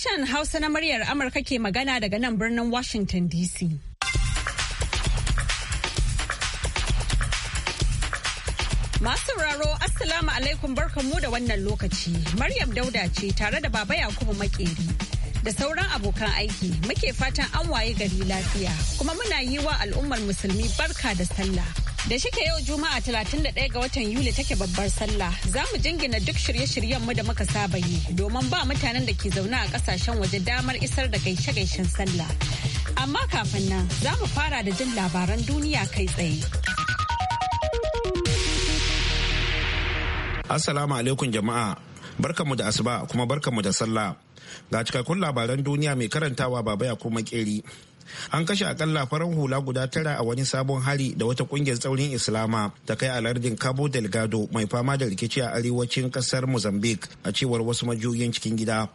Sashen Hausa na muryar Amurka ke magana daga nan birnin Washington DC. Masu raro Assalamu alaikum barkanmu da wannan lokaci. Maryam Dauda ce tare da Baba Yakubu Makeri. da sauran abokan aiki muke fatan an waye gari lafiya kuma muna yi wa al'ummar musulmi barka da sallah. Da shike yau Juma'a 31 ga watan Yuli take babbar sallah, za mu jingina duk shirye-shiryen mu da muka saba yi domin ba mutanen da ke zaune a kasashen waje damar isar da gaishe-gaishen sallah. Amma kafin nan, za mu fara da jin labaran duniya kai tsaye. Assalamu alaikum jama'a, barkanmu da asuba kuma barkanmu da sallah. Ga cikakkun labaran duniya mai karantawa baba ya kuma keri. an kashe akalla farar hula guda tara a wani sabon hari da wata kungiyar tsaurin islama ta kai a lardin cabo delgado mai fama da rikici a arewacin kasar mozambique a cewar wasu majiyoyin cikin gida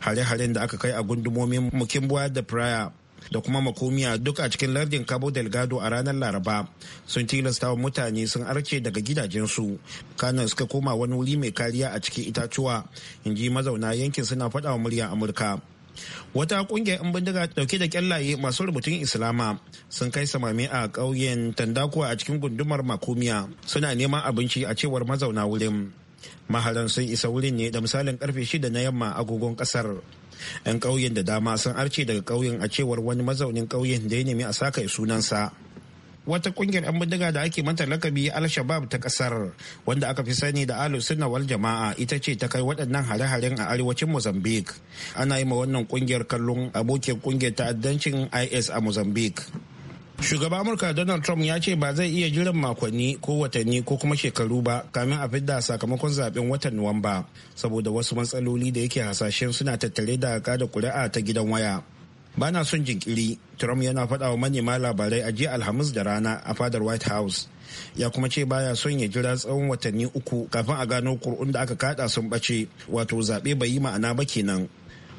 hare-haren da aka kai a gundumomin mukimbuwa da praya da kuma makomiya duk a cikin lardin cabo delgado a ranar laraba sun tilasta wa mutane sun arce daga gidajensu kana suka koma wani wuri mai kariya a cikin itatuwa in ji mazauna yankin suna faɗa wa muryar amurka wata kungiyar 'yan bindiga dauke da kyallaye masu rubutun islama sun kai samami a ƙauyen tandakuwa a cikin gundumar makumiya suna neman abinci a cewar mazauna wurin maharan sun isa wurin ne da misalin karfe shida na yamma agogon kasar yan ƙauyen da dama sun arce daga ƙauyen a cewar wani mazaunin ƙauyen da ya nemi a saka sunansa wata kungiyar 'yan bindiga da ake mata lakabi al-shabab ta kasar wanda aka fi sani da alu sunna wal jama'a ita ce ta kai waɗannan hare-haren a arewacin mozambique ana yi ma wannan kungiyar kallon abokin kungiyar ta'addancin is a mozambique Shugaba amurka donald trump ya ce ba zai iya jiran makonni ko watanni ko kuma shekaru ba kamin a fidda sakamakon zaben watan nuwamba saboda wasu matsaloli da yake hasashen suna tattare da kada kuri'a ta gidan waya bana son jinkiri trump yana faɗa wa manema labarai a jiya alhamis da rana a fadar white house ya kuma ce baya son ya jira tsawon watanni uku kafin a gano kur'un da aka kada sun bace wato zaɓe bai yi ma'ana ba kenan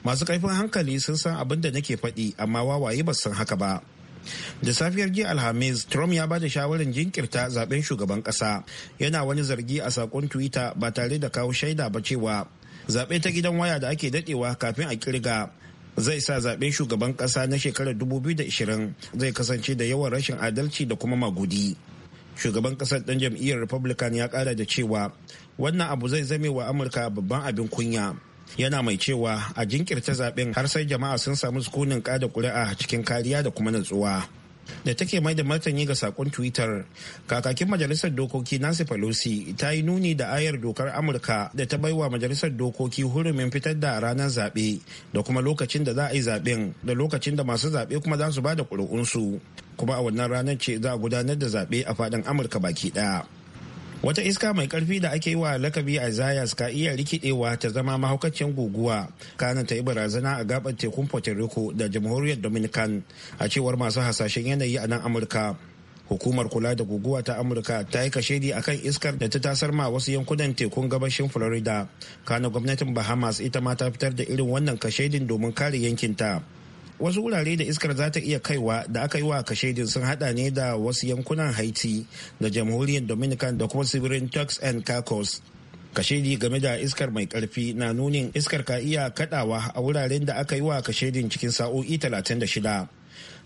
masu kaifin hankali sun san abin da nake faɗi amma wawaye ba san haka ba da safiyar jiya alhamis trump ya ba da shawarar jinkirta zaben shugaban ƙasa yana wani zargi a sakon twitter ba tare da kawo shaida ba cewa zaɓe ta gidan waya da ake daɗewa kafin a ƙirga. zai sa zaben shugaban kasa na shekarar 2020 zai kasance da yawan rashin adalci da kuma magudi shugaban kasar ɗan jam'iyyar republican ya kara da cewa wannan abu zai zame wa amurka babban abin kunya yana mai cewa a jinkirta zaben har sai jama'a sun samu sukunin kada kuri'a cikin kariya da kuma natsuwa da take mai da martani ga sakon twitter kakakin majalisar dokoki nancy pelosi ta yi nuni da ayar dokar amurka da ta baiwa majalisar dokoki hurumin fitar da ranar zaɓe da kuma lokacin da za a yi zaɓen da lokacin da masu zaɓe kuma za su ba da ƙuri'unsu kuma a wannan ranar ce za a gudanar da zaɓe a faɗin amurka baki ɗaya wata iska mai karfi da ake yi wa lakabi a zayas ka iya rikidewa ta zama mahaukacin guguwa kana ta yi barazana a gabar tekun puerto rico da jamhuriyar dominican a cewar masu hasashen yanayi a nan amurka hukumar kula da guguwa ta amurka ta yi kashedi kan iskar da ta tasar ma wasu yankunan tekun gabashin florida kana gwamnatin bahamas ita ma ta fitar da irin wannan kashedin domin kare yankinta wasu wurare da iskar za ta iya kaiwa da aka yi wa kashedin sun hada ne da wasu yankunan haiti da jamhuriyar dominican da kuma tsibirin turks and caicos kashedi game da iskar mai karfi na nunin iskar ka iya kadawa a wuraren da aka yi wa kashedin cikin sa'o'i 36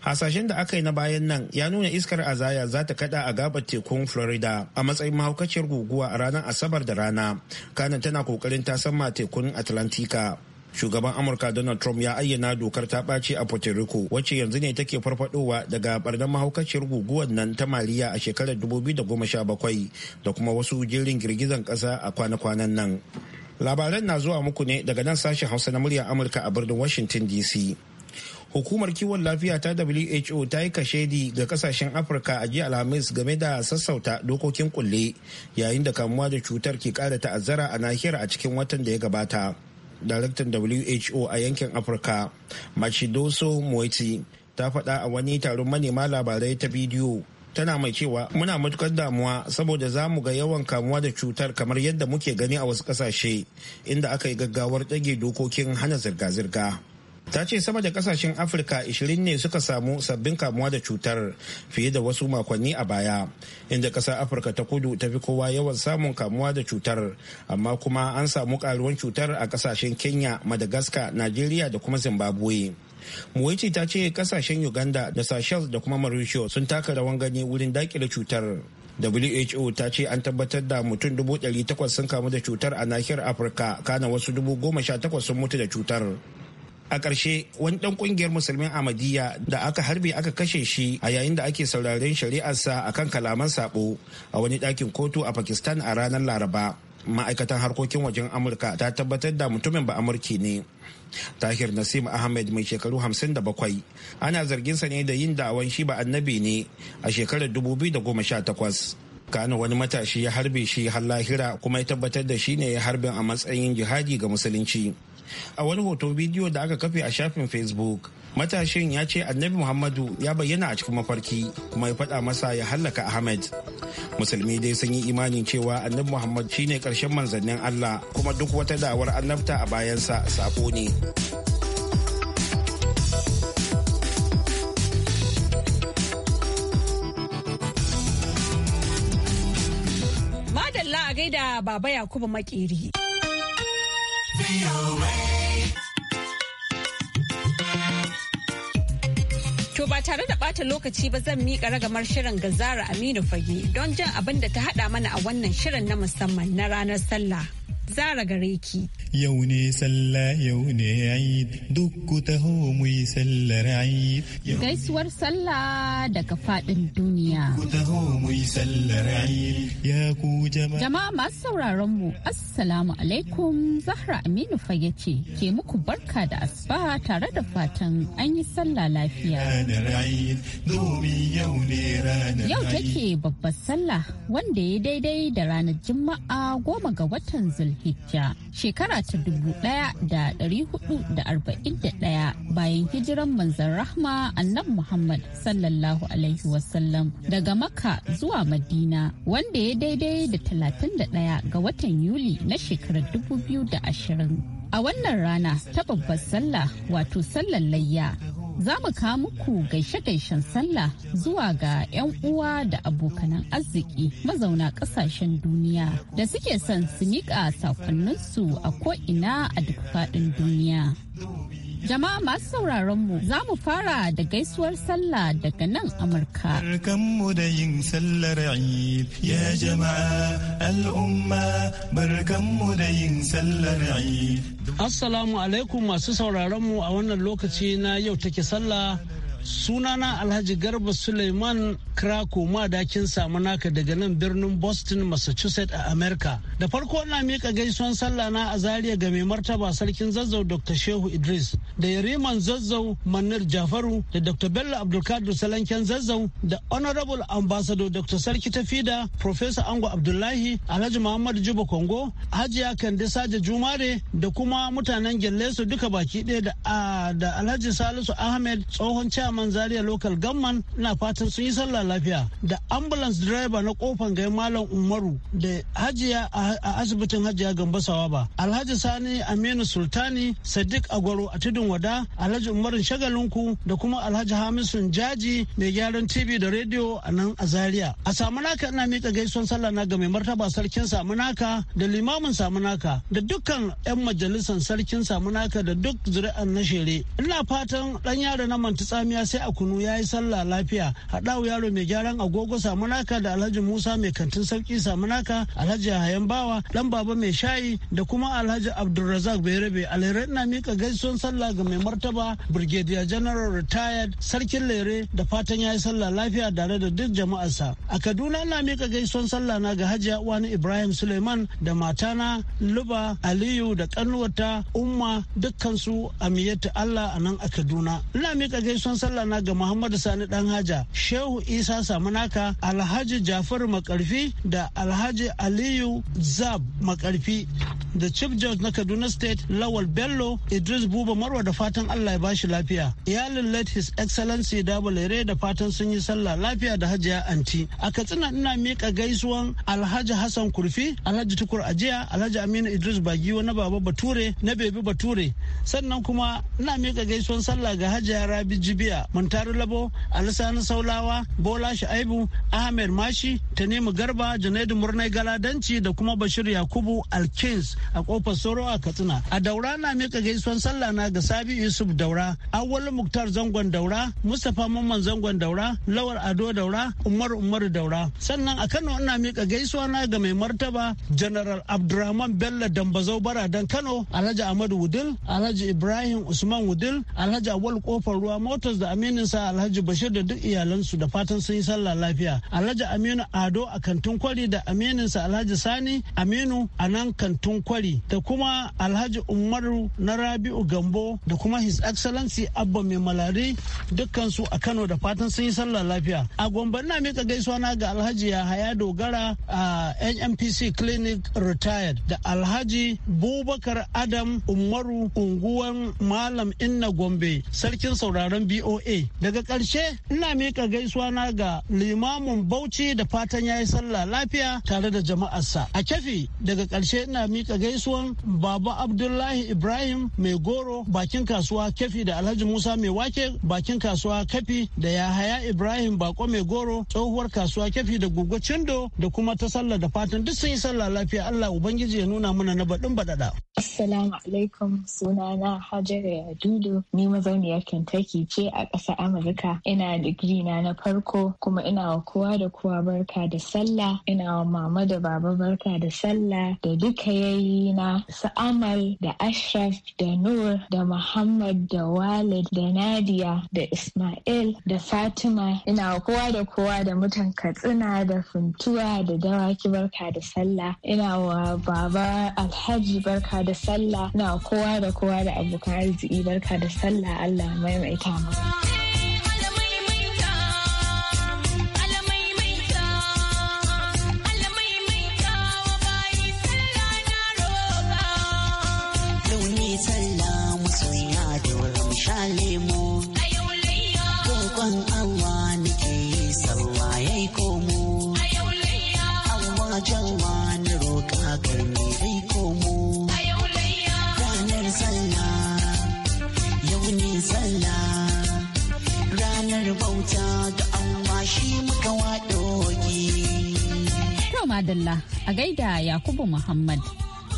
hasashen da aka yi na bayan nan ya nuna iskar azaya za ta kada a gabar tekun florida a matsayin mahaukaciyar guguwa a ranar asabar da rana kanan tana kokarin tasamma tekun atlantika shugaban amurka donald trump ya ayyana dokar ta ɓaci a puerto rico wacce yanzu ne take farfadowa daga barnar mahaukaciyar guguwar nan ta maliya a shekarar 2017 da kuma wasu jirgin girgizan ƙasa a kwana-kwanan nan labaran na zuwa muku ne daga nan sashen hausa na muryar amurka a birnin washington dc hukumar kiwon lafiya ta who ta yi kashedi ga kasashen afirka a jiya alhamis game da sassauta dokokin kulle yayin da kamuwa da cutar ke kara ta'azzara a nahiyar a cikin watan da ya gabata daraktan who a yankin afirka machidoso moiti ta faɗa a wani taron manema labarai ta bidiyo tana mai cewa muna matukar damuwa saboda za mu ga yawan kamuwa da cutar kamar yadda muke gani a wasu ƙasashe inda aka yi gaggawar ɗage dokokin hana zirga-zirga ta ce sama da kasashen afirka 20 ne suka samu sabbin kamuwa da cutar fiye da wasu makonni a baya inda kasar afirka ta kudu ta fi kowa yawan samun kamuwa da cutar amma kuma an samu karuwan cutar a kasashen kenya madagascar Nigeria da kuma zimbabwe muwaici ta ce kasashen uganda da seychelles da kuma mauritius sun taka rawan gani wurin dakile cutar WHO ta ce an tabbatar da mutum 800 sun kamu da cutar a nahiyar Afirka kana wasu takwas sun mutu da cutar. a ƙarshe wani ɗan ƙungiyar musulmin Amadiyya da aka harbe aka kashe shi a yayin da ake sauraren shari'arsa kan kalaman sabo a wani ɗakin kotu a pakistan a ranar laraba ma'aikatan harkokin wajen amurka ta tabbatar da mutumin ba amurki ne tahir nasim ahmed mai shekaru 57 ana zargin sa ne da yin da'awan shi ba annabi ne a shekarar 2018 Kano wani matashi ya harbe shi har lahira kuma ya tabbatar da shi ne ya harbin a matsayin jihadi ga musulunci. a wani hoto bidiyo da aka kafe a shafin facebook matashin ya ce annabi muhammadu ya bayyana a cikin mafarki kuma ya faɗa masa ya hallaka ahmed musulmi dai sun yi imanin cewa annabi muhammad shine ƙarshen manzannin allah kuma duk wata da'awar annabta a bayansa sako ne madalla a gaida baba yakubu makeri To ba tare da ɓata lokaci ba zan miƙa ragamar shirin gazara Aminu Fage don jan abin da ta haɗa mana a wannan shirin na musamman na ranar sallah. zara gare ki. Yau ne sallah yau ne Eid duk ku taho mu yi sallar Eid. Gaisuwar sallah daga fadin duniya. Ku taho mu yi sallar ayi ya ku jama'a. Jama'a masu sauraron mu Assalamu alaikum Zahra Aminu Fage ce ke muku barka da asuba tare da fatan an yi sallah lafiya. Yau take babbar sallah wanda ya daidai da ranar Juma'a goma ga watan zul hijja shekara ta dubu daya da dari hudu da arba'in da daya bayan hijiran manzan rahma annabi Muhammad sallallahu alaihi wasallam daga maka zuwa Madina wanda ya daidai da talatin da daya ga watan Yuli na shekarar dubu biyu da ashirin. A wannan rana ta babbar sallah wato sallar layya za mu kawo muku gaishe-gaishen sallah zuwa ga 'yan uwa da abokanan arziki mazauna ƙasashen duniya da suke son su miƙa sakonninsu a ko'ina a duk faɗin duniya. Jama'a masu sauraron mu za mu fara da gaisuwar sallah daga nan Amurka. Barkanmu da yin sallar Eid ya jama'a al'umma barkanmu da yin sallar Eid. Assalamu alaikum masu sauraron mu a wannan lokaci na yau take sallah sunana alhaji garba suleiman krako madakin samunaka daga nan birnin boston massachusetts a america da farko na mika gaisuwan sallah na a zariya ga mai martaba sarkin zazzau dr shehu idris da yariman zazzau manir jafaru da dr bello abdulkadir salanken zazzau da honorable ambassador dr sarki tafida professor ango abdullahi alhaji muhammad juba kongo hajiya kande saja jumare da kuma mutanen gillesu duka baki ɗaya da alhaji salisu ahmed tsohon chairman zariya local gamman na fatan sun yi sallah lafiya da ambulance driver na kofan gai malam umaru da hajiya a a asibitin hajji hajiya gambasawa ba alhaji sani aminu sultani sadiq agwaro a tudun wada alhaji umarin shagalinku da kuma alhaji hamisun jaji mai gyaran tv da rediyo a nan a zaria a samunaka ina miƙa gaisuwan sallah na ga mai martaba sarkin samunaka da limamin samunaka da dukkan 'yan majalisar sarkin samunaka da duk zuri'an na shere ina fatan dan yaro na manta tsamiya sai a kunu ya yi sallah lafiya haɗawu yaro mai gyaran agogo samunaka da alhaji musa mai kantin sauki samunaka alhaji hayan ba bawa dan baba mai shayi da kuma alhaji abdulrazak berebe alherai ina mika gaisuwan sallah ga mai martaba brigadier general retired sarkin lere da fatan ya yi sallah lafiya tare da duk jama'arsa a kaduna ina mika gaisuwan sallah na ga hajiya uwani ibrahim suleiman da matana luba aliyu da kanuwata umma dukkansu a miyatta allah a nan a kaduna ina mika gaisuwan sallah na ga muhammadu sani dan haja shehu isa samunaka alhaji jafar makarfi da alhaji aliyu zab makarfi da chief judge na kaduna state lawal bello idris buba marwa da fatan allah ya bashi lafiya iyalin late his excellency dabalere da fatan sun yi sallah lafiya da hajiya anti a katsina ina mika gaisuwan alhaji hassan kurfi alhaji tukur ajiya alhaji aminu idris bagiwa na baba bature na bebi bature sannan kuma ina mika gaisuwan sallah ga hajiya rabi jibiya muntaru labo alisani saulawa bola shaibu ahmed mashi tanimu garba janaidu murnai galadanci da kuma Bashir Yakubu Alkins a kofar Soro a Katsina. A daura na mika gaisuwan sallah na ga Sabi Yusuf Daura, Awwal Muktar Zangon Daura, Mustapha Mamman Zangon Daura, Lawar Ado Daura, Umar Umar Daura. Sannan a Kano ina mika gaisuwa na ga mai martaba General Abdurrahman Bello Dambazau dan Kano, Alhaji Ahmadu Wudil, Alhaji Ibrahim Usman Wudil, Alhaji Awal Kofar Ruwa Motors da amininsa Alhaji Bashir da duk iyalansu da fatan sun yi sallah lafiya. Alhaji Aminu Ado a kantin kwari da amininsa Alhaji Sani aminu a nan kantun kwari da kuma alhaji umaru na rabi'u gambo da kuma his excellency abba mai malari dukkansu a kano da fatan sun yi sallah lafiya a gombe na mika gaisuwa na ga alhaji yahaya dogara a nmpc clinic retired da alhaji bubakar adam umaru unguwan malam inna gombe sarkin sauraron boa daga ƙarshe ina mika gaisuwa na ga limamin bauchi da fatan ya yi sallah lafiya tare da jama'arsa a kafi daga ƙarshe ina mika gaisuwan baba abdullahi ibrahim mai goro bakin kasuwa kafi da alhaji musa mai wake bakin kasuwa kafi da yahaya ibrahim bako mai goro tsohuwar kasuwa kafi da gugu cindo da kuma ta sallah da fatan duk sun yi sallah lafiya allah ubangiji ya nuna mana na baɗin baɗaɗa. assalamu alaikum sunana hajara dudu ni mazauniyar kentucky ce a ƙasar amurka ina digiri na na farko kuma ina wa kowa da kowa barka da sallah ina wa mama da baba barka da sallah da duka yayi na su amal da ashraf da nur da muhammad da walid da nadia da ismail da fatima ina kowa da kowa da mutan katsina da funtuwa da dawaki barka da sallah ina wa baba alhaji barka da sallah ina kowa da kowa da abokan arziki barka da sallah allah maimaita masa. da Yakubu Muhammad.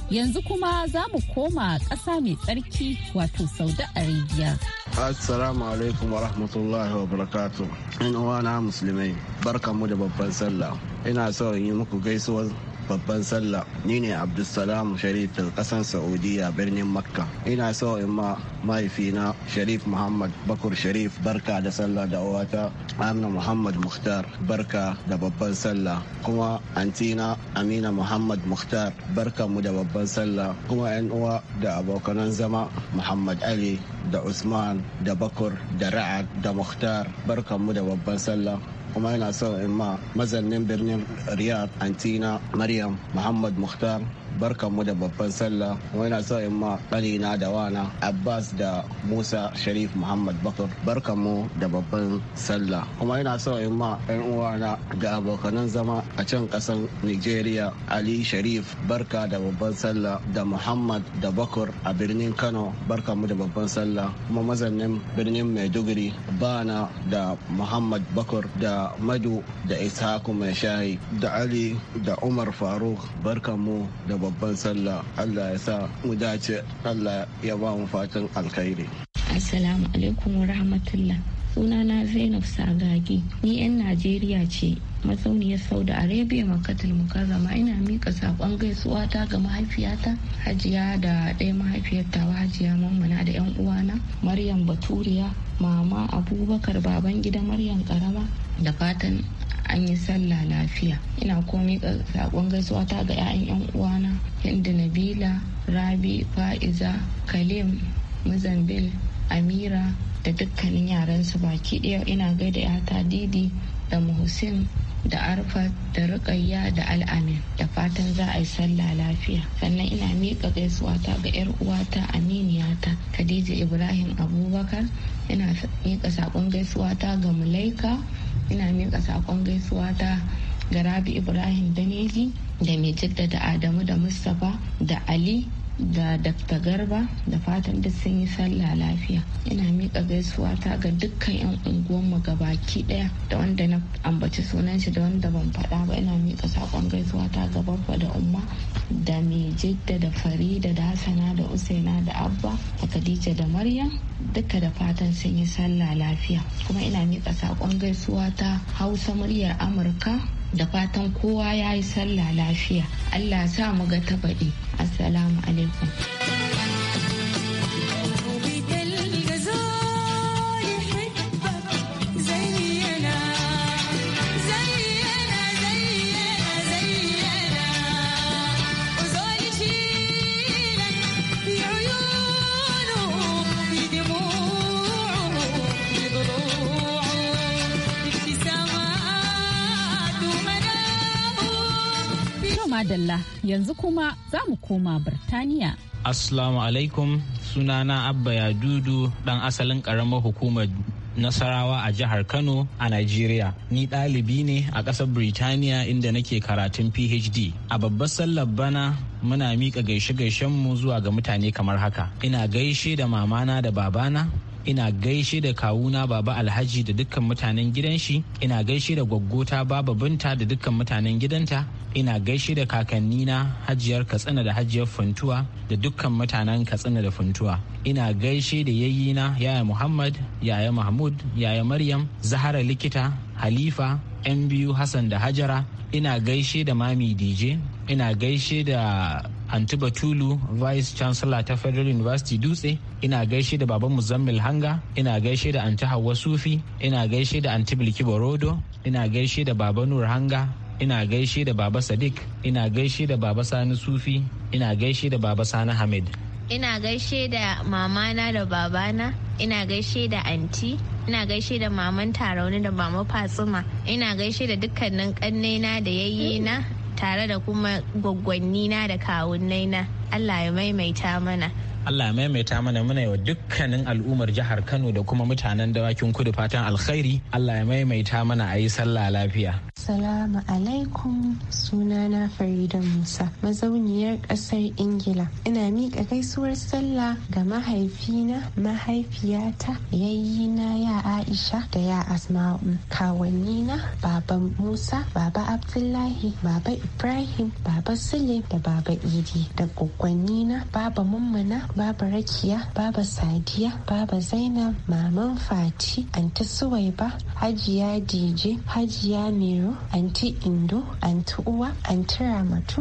Yanzu kuma za mu koma ƙasa mai tsarki wato Saudi Arabia. Assalamu alaikum wa rahmatullahi wa barakatu. Ina wana musulmai, barkanmu da babban sallah. Ina so in yi muku gaisuwar babban sallah ni ne abdulsalam sharif daga kasan saudiya birnin makka ina so in ma mahaifina sharif muhammad bakur sharif barka da sallah da uwata amna muhammad muhtar barka da babban sallah kuma antina amina muhammad muhtar barka mu da babban sallah kuma yan uwa da abokanan zama muhammad ali da usman da bakur da ra'ad da muhtar barka mu da babban sallah وما ينعصر ما مازال نمبر نمبر رياض أنتينا مريم محمد مختار barkanmu da babban sallah kuma ina so in ma na da wana abbas da musa sharif muhammad bakar mu da babban sallah kuma yana so in ma yan uwana da abokanan zama a can ƙasan nigeria ali sharif barka da babban sallah da muhammad da bakur a birnin kano barkanmu da babban sallah kuma mazannin birnin maiduguri bana da muhammad bakur da madu da ishaku mai shayi da ali da umar faruk barkanmu da babban babban sallah allah ya sa mu dace allah ya ba mu fatan alkhairi assalamu alaikum wa rahmatullah sunana zainab sagagi ni 'yan najeriya ce mazauniyar saudi arabia makatul mukarrama ina mika sakon gaisuwa ta ga mahaifiyata hajiya da ɗaya mahaifiyar wa hajiya mammana da 'yan uwana maryam baturiya mama abubakar baban gida maryam karama da fatan an yi sallah lafiya ina komi miƙa sakon gaisuwa ta ga 'ya'yan 'yan uwana hindu nabila rabi fa'iza kalim muzambil amira da dukkanin yaransa baki ɗaya ina gaida yata didi da muhsin da arfa da rukayya da al'amin da fatan za a yi sallah lafiya sannan ina miƙa gaisuwa ga 'yar uwata aminiyata khadija ibrahim abubakar ina miƙa saƙon gaisuwata ga mulaika ina miƙa saƙon gaisuwata ga rabi ibrahim daneji da mai da adamu da mustapha da ali da Dr. Garba da fatan duk sun yi sallah lafiya. Ina miƙa gaisuwa ta ga dukkan 'yan unguwanmu baki ɗaya da wanda na ambaci sunan shi da wanda ban faɗa ba ina miƙa saƙon gaisuwa ta ga babba da umma da mai da farida da Hassana, da usaina da abba da khadija da maryam duka da fatan sun yi sallah lafiya kuma ina miƙa saƙon gaisuwa ta hausa muryar amurka da fatan kowa ya yi sallah lafiya allah sa mu ga tabaɗi assalamu alaikum Abdullah yanzu kuma za mu koma Birtaniya. Assalamu alaikum sunana Abba Yadudu dan asalin karamar hukumar Nasarawa a jihar Kano a Najeriya. Ni ɗalibi ne a ƙasar Birtaniya inda nake karatun PhD. A babbar sallar bana muna miƙa gaishe-gaishenmu zuwa ga mutane kamar haka. Ina gaishe da mamana da babana ina gaishe da kawuna baba alhaji da dukkan mutanen gidan shi ina gaishe da gwaggota baba binta da dukkan mutanen gidanta ina gaishe da kakannina hajiyar katsina da hajiyar funtuwa da dukkan mutanen katsina da funtuwa ina gaishe da yayyina yaya muhammad yaya mahmud yaya maryam zahara likita halifa yan biyu hassan da hajara ina gaishe da mami dj ina gaishe da batulu vice chancellor ta federal university dutse ina gaishe da baban muzammil hanga ina gaishe da anti hawa sufi ina gaishe da anti bilki borodo ina gaishe da baba nur hanga ina gaishe da baba sadiq ina gaishe da baba sani sufi ina gaishe da baba sani hamid ina gaishe da mamana da babana ina gaishe da anti ina gaishe da maman tarauni da mama fatsuma ina gaishe da dukkanin kannena da yayyena tare da kuma gwaggwanni na da kawunnai na Allah ya maimaita mana Allah ya maimaita mana muna wa dukkanin al'ummar jihar Kano da kuma mutanen dawakin kudu fatan alkhairi Allah ya maimaita mana a yi sallah lafiya. Salamu alaikum sunana Farida Musa mazauniyar ƙasar Ingila. Ina miƙa gaisuwar sallah ga mahaifina, mahaifiyata, yayyina ya Aisha da ya Asma'u, kawannina, baban Musa, baba Abdullahi, baba Ibrahim, baba Sule da baba Idi da kokwannina baba Mummuna, baba rakiya baba sadiya baba zainab maman fati anti suwaiba hajiya dije hajiya mero anti indo anti uwa anti ramatu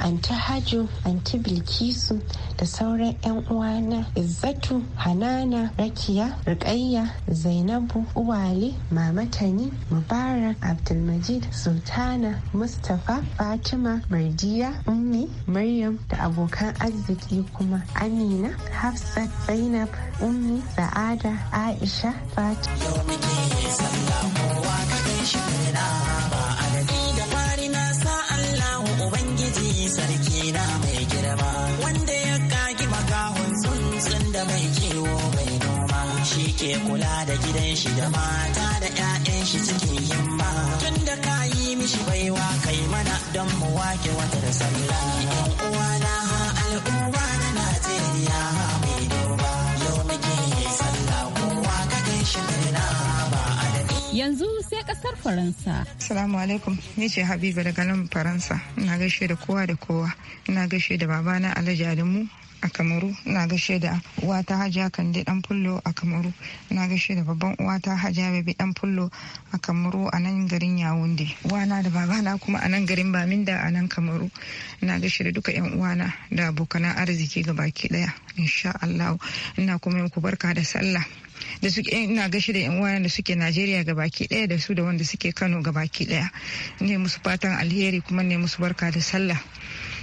anti haju anti bilkisu da sauran 'yan uwana izzatu hanana rakiya rikayya zainabu uwale mamatani mubarak abdulmajid sultana mustapha fatima mardiya ummi maryam da abokan arziki kuma amina hafsat zainab ummi sa'ada aisha fatima shi da mata da 'ya'yan shi suke himma tun da ka yi mishi baiwa kai mana don mu wake watar sallah uwa Najeriya mai sallah Yanzu sai kasar Faransa. Salamu alaikum, ni ce Habiba daga nan Faransa. Ina gaishe da kowa da kowa. Ina gaishe da babana Alhaji Adamu, a kamaru na gashe da hajja kan kande dan fullo a kamaru na gashe da babban uwata hajja bebe dan fullo a kamaru a nan garin yawunde wana da babana kuma a nan garin da a nan kamaru na gashe da duka yan uwana da abokanan arziki ga baki daya insha Allah ina kuma ku barka da sallah da suke ina gashi da yan uwana da suke Najeriya baki daya da su da wanda suke Kano ga baki daya ne musu fatan alheri kuma ne musu barka da sallah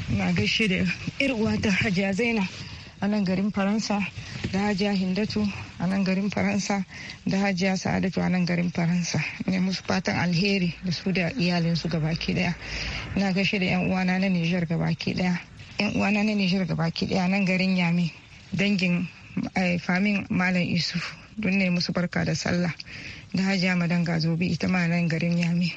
na gaishe da yar uwata hajiya zaina a nan garin faransa da hajiya hindatu a nan garin faransa da hajiya sa'adatu a nan garin faransa ne musu fatan alheri da su da iyalinsu gabaki daya na gaishe da yan uwana na nijar gabaki daya yan uwana na nijar gabaki daya nan garin yami dangin eh, famin malam isuf don ne musu barka da sallah da hajiya madanga zobi ita ma nan garin yami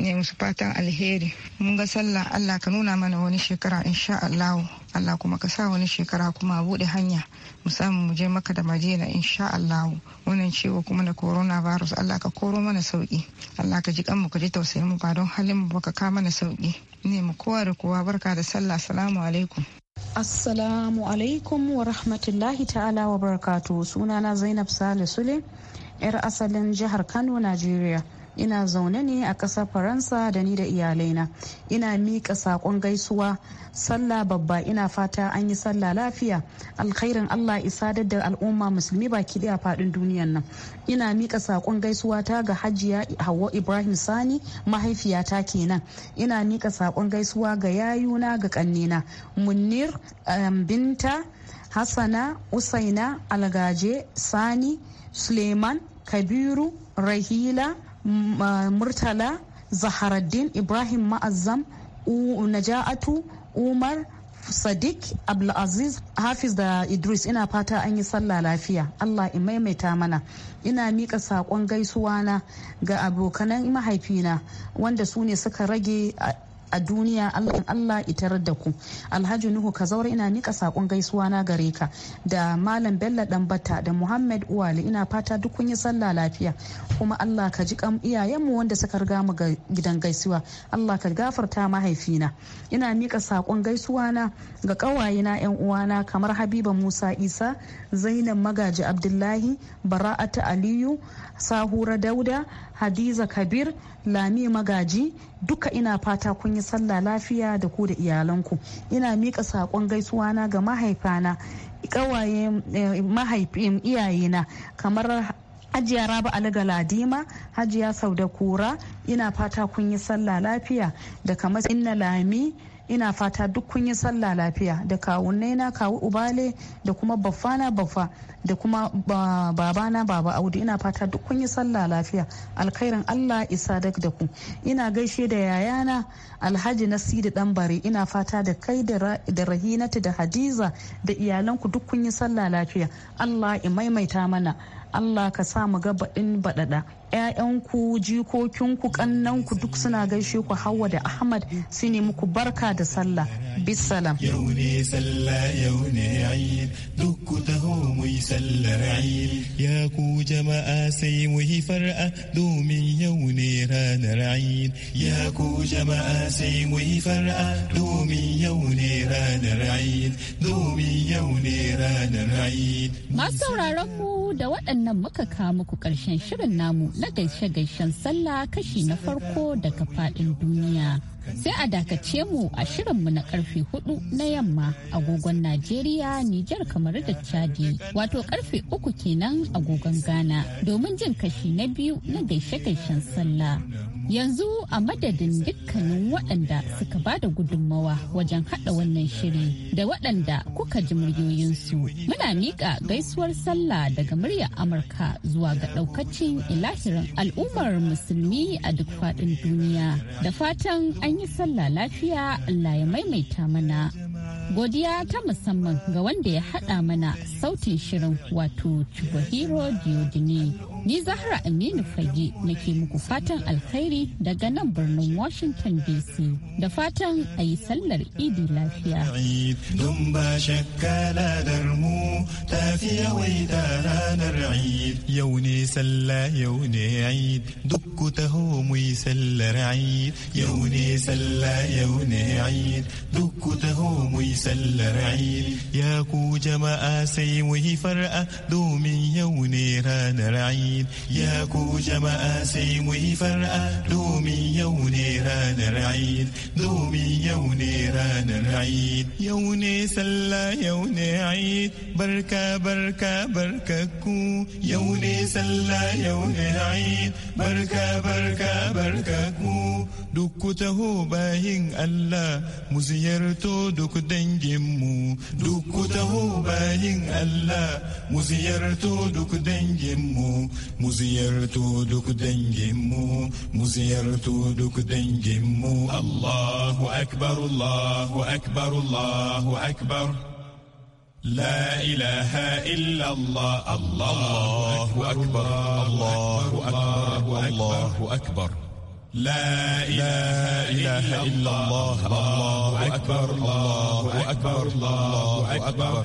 ne musu fatan alheri mun ga sallah Allah ka nuna mana wani shekara insha Allah Allah kuma ka sa wani shekara kuma bude hanya musamman mu je maka da majina insha Allah wannan ciwo kuma na corona virus Allah ka koro mana sauki Allah ka ji kanmu ka ji tausayin mu ba don halin mu baka ka mana sauki ne mu kowa da kowa barka da sallah assalamu alaikum Assalamu alaikum wa rahmatullahi ta'ala wa barakatu sunana Zainab Sale Sule, 'yar asalin jihar Kano, Najeriya. ina zaune ne a ƙasar faransa da ni da iyalaina ina miƙa saƙon gaisuwa sallah babba ina fata an yi sallah lafiya alkhairin allah isa da al'umma musulmi baki daya faɗin duniyan nan ina miƙa saƙon gaisuwa ta ga hajiya hawa ibrahim sani mahaifiyata kenan ina miƙa saƙon gaisuwa ga yayuna ga ƙannena munir um, binta hassana usaina algaje sani suleiman kabiru rahila murtala zaharaddin ibrahim ma'azzam naja'atu umar sadiq abdulaziz hafiz da idris ina fata an yi sallah lafiya allah in maimaita mana ina miƙa saƙon gaisuwa na ga abokanan mahaifina wanda su ne suka rage a duniya Allah Allah itar da ku Alhaji Nuhu Kazaure ina nika sakon gaisuwa na gare ka da Malam Bello Dambata da Muhammad Uwali ina fata duk kun yi sallah lafiya kuma Allah ka ji kan iyayenmu wanda suka riga mu gidan gaisuwa Allah ka gafarta mahaifina ina mika sakon gaisuwa na ga na yan uwana kamar Habiba Musa Isa Zainab Magaji Abdullahi Bara'atu Aliyu Sahura Dauda hadiza kabir lami magaji duka ina fata kun yi sallah lafiya da ku da iyalanku ina miƙa saƙon gaisuwa na ga mahaifana ƙawaye eh, mahaifin iyayena kamar hajiya rabu algaladima hajiya sau da kura ina fata kun yi sallah lafiya da kamar inna lami ina fata duk kun yi sallah lafiya da kawunnai na kawu ubale da kuma baffana baffa da kuma babana baba audu ina fata duk kun yi sallah lafiya alkhairin allah isa da ku ina gaishe da yayana alhaji nasiru dan ina fata da kai da rahinatu da hadiza da iyalanku duk kun yi sallah lafiya allah i maimaita mana allah ka sa mu ga baɗin baɗaɗa Ƴaƴanku jikokinku kannanku duk suna gaishe ku hawa da ahmad su ne muku barka da sallah bisalam yau ne sallah yau ne ayin duk ku taho mu yi sallar ayin ya ku jama'a sai mu yi far'a domin yau ne ranar ayin ya ku jama'a sai mu yi far'a domin yau ne ranar ayin domin yau ne ranar ayin masu sauraron mu da waɗannan muka kawo muku ƙarshen shirin namu na gaishe-gaishen sallah kashi na farko daga faɗin duniya sai a dakace mu a shirinmu na karfe hudu na yamma agogon Najeriya, Nijar kamar da Chadi wato karfe uku kenan agogon Ghana domin jin kashi na biyu na gaishe-gaishen sallah. Yanzu a madadin dukkanin waɗanda suka ba da gudunmawa wajen haɗa wannan shiri da waɗanda kuka ji muryoyinsu muna miƙa gaisuwar sallah daga murya Amurka zuwa ga ɗaukacin ilahirin al'ummar musulmi a duk faɗin duniya da fatan an an yi sallah lafiya Allah ya maimaita mana. Godiya ta musamman ga wanda ya haɗa mana sautin shirin wato Chubahiro Diodini. Ni Zahra Aminu Fage nake muku fatan alkhairi daga nan birnin Washington DC da fatan a yi sallar idi lafiya. Don ba shakka ladar mu tafi yawaita ranar Eid. Yau ne sallah yau ne Eid duk ku taho mu yi sallar Eid. Yau ne sallah yau ne Eid duk ku taho mu yi sallar Eid. Ya ku jama'a sai mu yi far'a domin yau ne ranar Eid. amin ya ku jama'a sai mu yi far'a domin yau ne ranar Eid domin yau ne ranar Eid yau ne sallah yau ne barka barka barka ku yau ne sallah yau ne barka barka barka ku duk ku taho bayin Allah mu ziyarto duk dangin mu. duk ku taho bayin Allah mu ziyarto duk dangin mu. mu ziyarto duk danginmu mu ziyarto duk danginmu Allahu akbar Allahu akbar Allahu akbar لا إله إلا الله الله أكبر الله أكبر الله أكبر لا إله إلا الله الله أكبر الله أكبر الله أكبر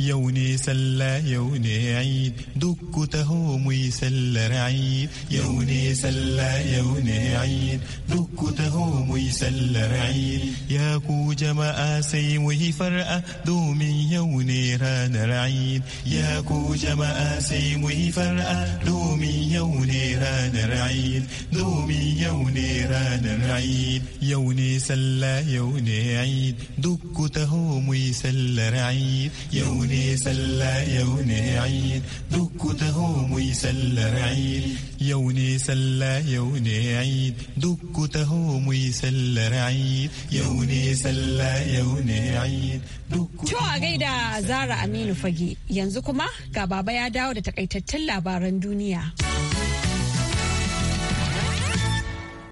يوني سلا يوني عيد دك تهو مي سلا عيد يوني سلا يوني عيد دك تهو مي سلا عيد يا كو جما سي مي فرأ دومي يوني ران رعيد يا كو جما سي مي فرأ دومي يوني ران رعيد دومي يوني ران رعيد يوني سلا يوني عيد دك تهو مي سلا عيد يوني ne sallah yau ne ayin duk ku taho mu sallar ayin yau ne sallah yau ne ayin duk ku taho mu sallar ayin yau ne sallah yau ne ayin duk ku a gaida Zara Aminu Fage yanzu kuma ga baba ya dawo da takaitattun labaran duniya.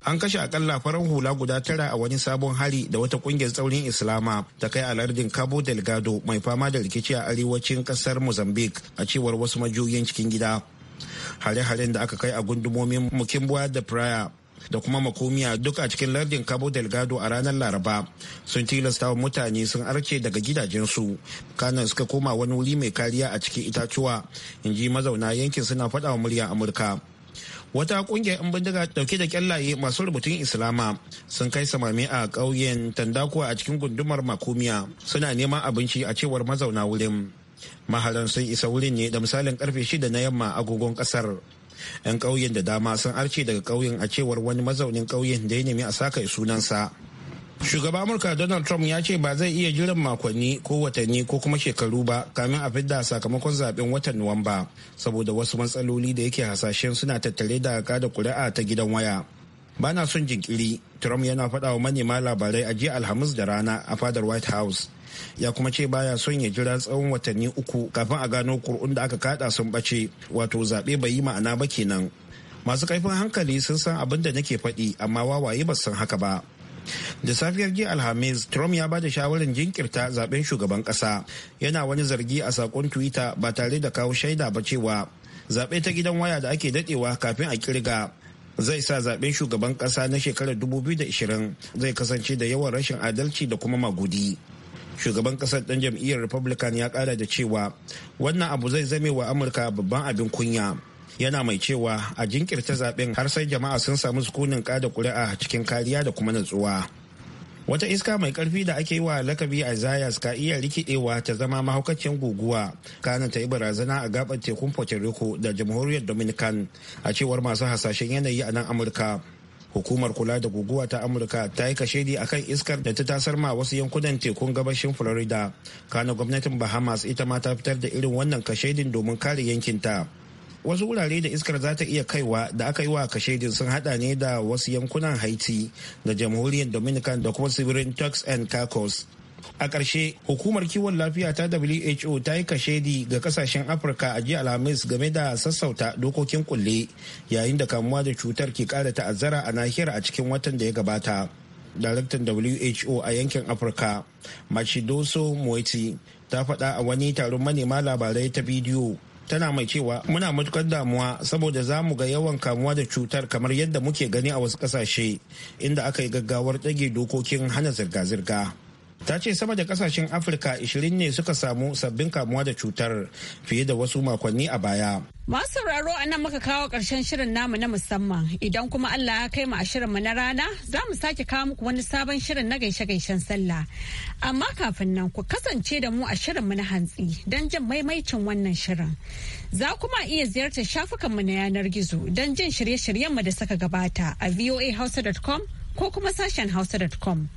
an kashe akalla farar hula guda tara a wani sabon hari da wata kungiyar tsaurin islama ta kai a lardin cabo delgado mai fama da rikici a arewacin kasar mozambique a cewar wasu majiyoyin cikin gida hare-haren da aka kai a gundumomin mukimbuwa da praya da kuma makomiya duk a cikin lardin cabo delgado a ranar laraba sun tilasta wa mutane sun arce daga gidajensu kanan suka koma wani wuri mai kariya a cikin itatuwa in ji mazauna yankin suna faɗa wa murya amurka wata kungiyar 'yan bindiga dauke da kyallaye masu rubutun islama sun kai samami a ƙauyen tandakuwa a cikin gundumar makumiya suna neman abinci a cewar mazauna wurin maharan sun isa wurin ne da misalin karfe shida na yamma agogon kasar 'yan ƙauyen da dama sun arce daga ƙauyen a cewar wani mazaunin ƙauyen da ya nemi a saka sunansa Shugaban Amurka Donald Trump ya ce ba zai iya jiran makonni ko watanni ko kuma shekaru ba kamin a fidda sakamakon zaben watan Nuwamba saboda wasu matsaloli da yake hasashen suna tattare da kada kuri'a ta gidan waya. Bana son jinkiri, Trump yana faɗa wa manema labarai a jiya Alhamis da rana a fadar White House. Ya kuma ce baya son ya jira tsawon watanni uku kafin a gano kur'un da aka kada sun bace wato zaɓe bai yi ma'ana ba kenan. Masu kaifin hankali sun san abin da nake faɗi, amma wawaye ba san haka ba. da safiyar jiya alhamis trump ya ba da shawarar jinkirta zaben shugaban kasa yana wani zargi a sakon twitter ba tare da kawo shaida ba cewa zaɓe ta gidan waya da ake daɗewa kafin a kirga zai sa zaɓen shugaban ƙasa na shekarar 2020 zai kasance da yawan rashin adalci da kuma magudi shugaban ƙasar ɗan jam'iyyar republican ya ƙara da cewa wannan abu zai zame wa amurka babban abin kunya yana mai cewa a jinkirta zaben har sai jama'a sun samu sukunin kada kuri'a cikin kariya da kuma natsuwa wata iska mai karfi da ake yi wa lakabi a zayas ka iya rikidewa ta zama mahaukacin guguwa kana ta yi barazana a gabar tekun puerto rico da jamhuriyar dominican a cewar masu hasashen yanayi a nan amurka hukumar kula da guguwa ta amurka ta yi kashedi a kan iskar da ta tasar ma wasu yankunan tekun gabashin florida kana gwamnatin bahamas ita ma ta fitar da irin wannan kashedin domin kare yankinta wasu wurare da iskar za ta iya kaiwa da aka yi wa kashedin sun hada ne da wasu yankunan haiti da jamhuriyar dominican da kuma tsibirin turks and caicos a ƙarshe hukumar kiwon lafiya ta who ta yi kashedi ga kasashen afirka a jiya alhamis game da sassauta dokokin kulle yayin da kamuwa da cutar ke ƙara ta'azzara a nahiyar a cikin watan da ya gabata daraktan who a yankin afirka machidoso moiti ta faɗa a wani taron manema labarai ta bidiyo tana mai cewa muna matukar damuwa saboda za mu ga yawan kamuwa da cutar kamar yadda muke gani a wasu kasashe inda aka yi gaggawar ɗage dokokin hana zirga-zirga ta ce sama da kasashen afirka 20 ne suka samu sabbin kamuwa da cutar fiye da wasu makonni a baya masu sauraro a nan muka kawo ƙarshen shirin namu na musamman idan kuma allah ya kai mu a mu na rana za mu sake kawo muku wani sabon shirin na gaishe-gaishen sallah amma kafin nan ku kasance da mu a shirin mu na hantsi don jin maimaicin wannan shirin za kuma iya ziyartar shafukanmu na yanar gizo don jin shirye-shiryenmu da suka gabata a voahausa.com ko kuma sashen hausa.com.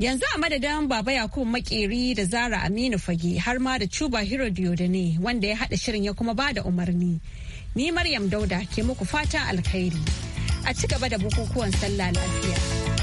Yanzu a madadin Baba Yakubu Makeri da Zara Aminu Fage har ma da Cuba Hero ne wanda ya haɗa shirin ya kuma ba da umarni. Ni Maryam Dauda ke muku fata alkhairi. A ci gaba da bukukuwan sallah lafiya.